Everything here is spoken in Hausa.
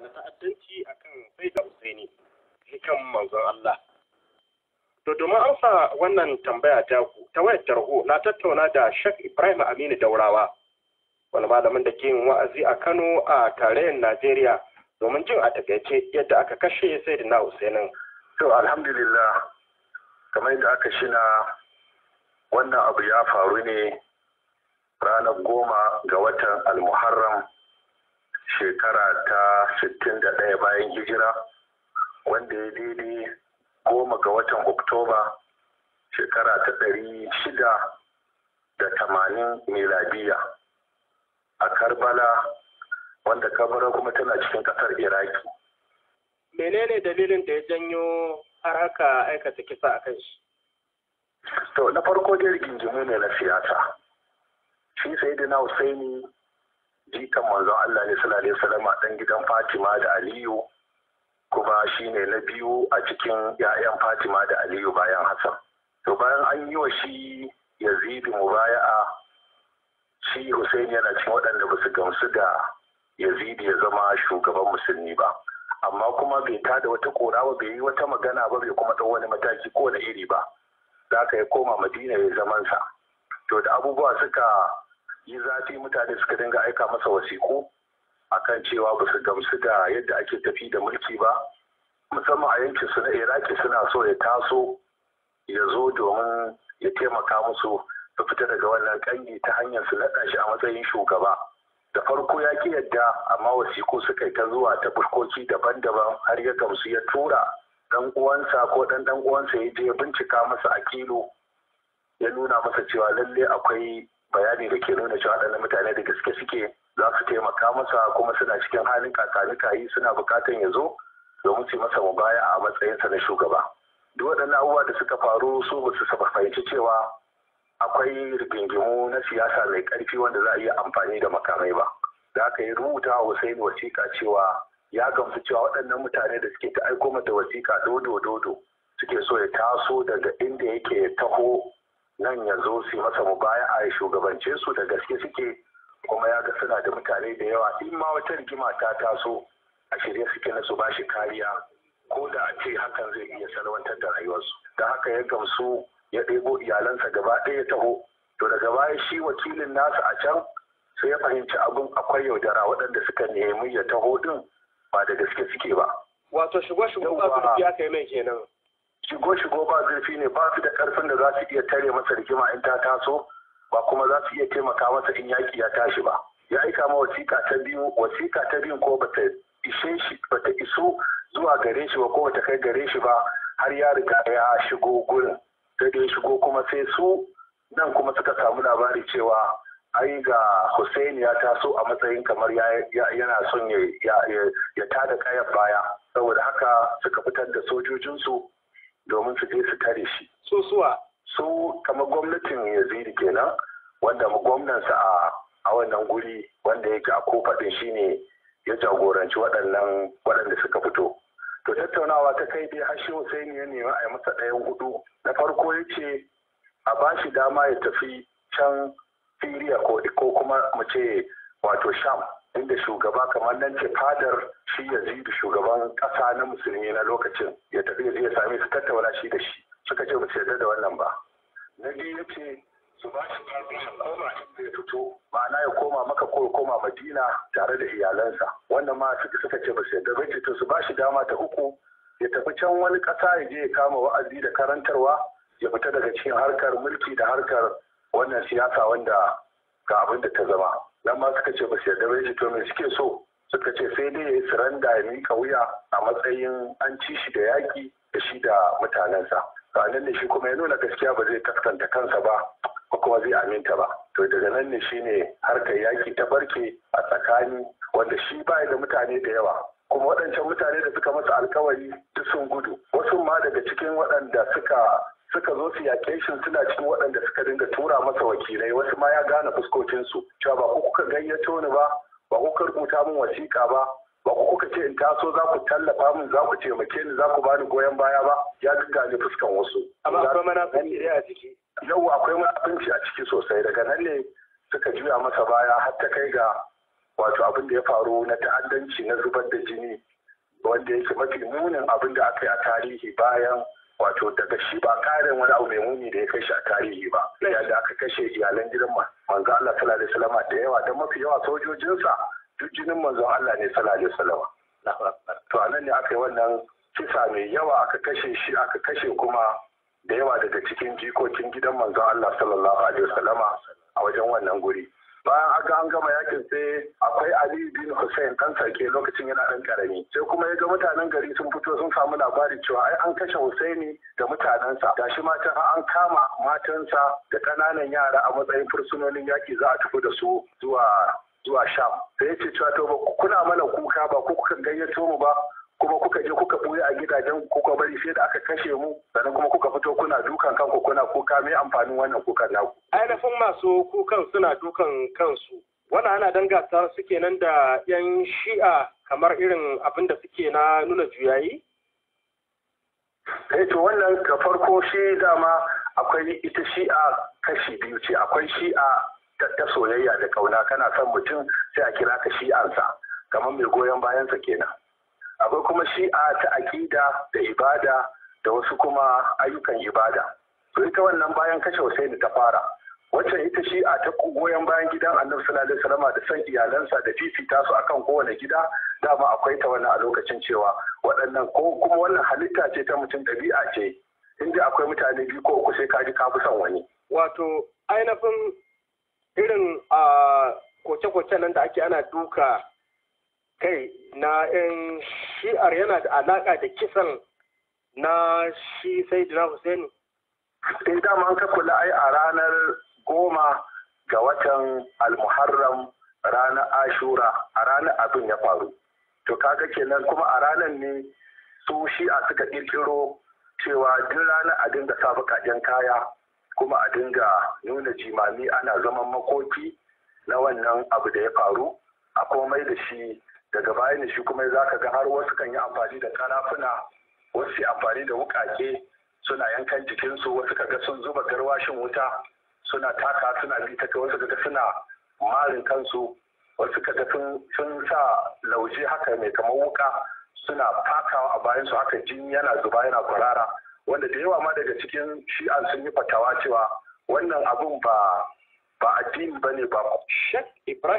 na ta'addanci akan sai da Usaini hikan manzon Allah to domin amsa wannan tambaya ta ku ta wayar tarho na tattauna da Sheikh Ibrahim Aminu Daurawa wani malamin da ke yin wa'azi a Kano a tarayyar Najeriya domin jin a takaice yadda aka kashe sai da na Usainin to alhamdulillah kamar yadda aka shina wannan abu ya faru ne ranar goma ga watan almuharram shekara ta ɗaya bayan hijira wanda ya daidai goma ga watan oktoba shekara ta ɗari shida da tamanin miladiya a karbala wanda kabara kuma tana cikin ƙasar iraki menene dalilin da ya janyo har haka aikata kisa a kan shi to na farko dai rigingimu ne na siyasa shi sai da na husaini jikan manzon Allah ne sallallahu alaihi wasallam dan gidan Fatima da Aliyu kuma shine na biyu a cikin yayan Fatima da Aliyu bayan Hassan to bayan an yi wa shi Yazid mubaya'a shi Hussein yana cikin waɗanda ba su gamsu da Yazid ya zama shugaban musulmi ba amma kuma bai da wata kora ba bai yi wata magana ba bai kuma ɗau wani mataki ko na iri ba za ka ya koma madina ya zamansa to da abubuwa suka yi zafi mutane suka dinga aika masa wasiku akan cewa ba su gamsu da yadda ake tafi da mulki ba musamman a yankin su na iraki suna so ya taso ya zo domin ya taimaka musu su fita daga wannan kangi ta hanyar su naɗa shi a matsayin shugaba da farko ya ki yadda amma wasiku suka yi ta zuwa ta burkoki daban-daban har ya gamsu ya tura dan uwansa ko dan dan uwansa ya je ya bincika masa a kilo ya nuna masa cewa lalle akwai bayani da ke nuna cewa waɗannan mutane da gaske suke za su taimaka masa kuma suna cikin halin kakanika yi suna bukatan ya zo domin su masa mubaya a matsayinsa na shugaba duk waɗannan abubuwa da suka faru su ba su fahimci cewa akwai rigingimu na siyasa mai ƙarfi wanda za a iya amfani da makamai ba da aka yi rubuta wa Hussein wasiƙa cewa ya gamsu cewa waɗannan mutane da suke ta aiko mata wasiƙa dodo dodo suke so ya taso daga inda yake ya taho nan ya zo su masa mubaya a shugabance su da gaske suke kuma ya ga suna da mutane da yawa in ma wata rigima ta taso a shirye suke na su ba shi kariya ko da a ce hakan zai iya sarwantar da rayuwarsu da haka ya gamsu ya ɗebo iyalansa gaba ɗaya ya taho to daga baya shi wakilin nasa a can sai ya fahimci abin akwai yaudara waɗanda suka nemi ya taho din ba da gaske suke ba wato shigo shigo ba ya kai mai kenan shigo shigo ba zurfi ne ba su da karfin da za su iya tare masa rigima in ta taso ba kuma za su iya taimaka masa in yaki ya tashi ba ya aika ma wasiƙa ta biyu wasiƙa ta biyu ko bata ishe shi bata iso zuwa gare shi ba ko bata kai gare shi ba har ya riga ya shigo gurin sai da shigo kuma sai su nan kuma suka samu labari cewa ai ga Hussein ya taso a matsayin kamar yana son ya tada kayan baya saboda haka suka fitar da sojojinsu domin su je su tare shi so suwa su kamar gwamnatin yazidi kenan wanda gwamnansa a a wannan guri wanda ya ga ko faɗin ne ya jagoranci waɗannan waɗanda suka fito to tattaunawa ta kai dai sai ne ya nema a yi masa ɗayan hudu na farko ya ce a ba shi dama ya tafi can Siriya ko kuma mu ce wato Sham inda shugaba kamar nan ce fadar shi yazidu shugaban ƙasa na musulmi na lokacin ya tafi ya sami su tattauna shi da shi suka ce ba su yarda da wannan ba na biyu ya ce su ba shi koma inda ya fito ma'ana ya koma maka ko koma madina tare da iyalansa wannan ma suka ce ba su yarda ba to su ba shi dama ta uku ya tafi can wani ƙasa ya je ya kama wa'azi da karantarwa ya fita daga cikin harkar mulki da harkar wannan siyasa wanda ga abin da ta zama nan ma suka ce ba su yarda bai shi to me suke so suka ce sai dai ya yi suranda ya mika wuya a matsayin an ci shi da yaƙi da shi da mutanensa nan ne shi kuma ya nuna gaskiya ba zai kaskanta kansa ba ko kuma zai aminta ba to daga nan ne shi ne harkar yaƙi ta barke a tsakani wanda shi baya da mutane da yawa kuma waɗancan mutane da suka masa alkawari duk sun gudu wasu ma daga cikin waɗanda suka suka zo su yaƙe shi suna cikin waɗanda suka dinga tura masa wakilai wasu ma ya gane fuskokinsu cewa ba ku kuka gayyato ni ba ba ku kuka rubuta min wasiƙa ba ba ku kuka ce in taso za ku tallafa min za ku taimake ni za ku bani goyon baya ba ya gane fuskan wasu. amma akwai munafunci a ciki. yau akwai munafunci a ciki sosai daga nan ne suka juya masa baya har ta kai ga wato abin da ya faru na ta'addanci na zubar da jini wanda yake mafi munin abin da aka yi a tarihi bayan wato daga shi ba karin wani abu mai muni da ya kai shi a tarihi ba yadda aka kashe iyalan gidan manzo Allah sallallahu alaihi wasallam da yawa dan mafi yawa sojojinsa duk jinin manzo Allah ne sallallahu alaihi wasallam to anan ne aka yi wannan kisa mai yawa aka kashe shi aka kashe kuma da yawa daga cikin jikokin gidan manzo Allah sallallahu alaihi wasallam a wajen wannan guri bayan aka an gama yakin sai akwai ali bin hussein dan sarki lokacin yana dan karami sai kuma ya ga mutanen gari sun fito sun samu labari cewa ai an kashe husaini da mutanensa gashi matan an kama matansa da kananan yara a matsayin fursunonin yaki za a tafi da su zuwa zuwa sham sai ya ce cewa to kuna mana kuka ba ko kuka gayyato mu ba kuka ɓoye a gidajen kuka bari sai da aka kashe mu sannan kuma kuka fito kuna dukan kanku kuna kuka mai amfanin wannan kukan naku ainihin masu kukan suna dukan kansu wannan ana ta suke nan da yan shi'a kamar irin abin da suke na nuna juyayi eh to wannan ka farko shi dama akwai ita shi'a kashi biyu ce akwai shi'a ta soyayya da kauna kana son mutum sai a kira ka shi'ansa kamar mai goyon bayansa kenan akwai kuma shi'a ta akida da ibada da wasu kuma ayyukan ibada to ita wannan bayan kashe da ta fara wacce ita shi'a ta goyon bayan gidan annabi sallallahu alaihi wasallam da san iyalansa da fifita su akan kowane gida dama akwai ta wannan a lokacin cewa waɗannan ko kuma wannan halitta ce ta mutum ɗabi'a ce inda akwai mutane biyu ko uku sai ka ji ka fi son wani wato ainihin irin a kwace-kwace nan da ake ana duka kai na 'yan shi'ar yana da alaƙa da kisan na shi sai jina Hussaini? In dama an ka kula ai a ranar goma ga watan almuharram ranar ashura a ranar abin ya faru. To kaga kenan kuma a ranar ne su shi'a suka ƙirƙiro cewa duk ranar a dinga sa baƙaƙen kaya kuma a dinga nuna jimami ana zaman makoki na wannan abu da ya faru a komai da shi daga baya ne shi kuma za ka ga har wasu kan yi amfani da karafuna wasu yi amfani da wukake suna yankan jikinsu wasu kaga sun zuba garwashin wuta suna taka suna bi ta wasu kaga suna marin kansu wasu kaga sun sa lauje haka mai kamar wuka suna fakawa a bayansu haka jini yana zuba yana kwarara wanda da yawa ma daga cikin shi an sun yi fatawa cewa wannan abun ba ba addini bane ba Sheikh Ibrahim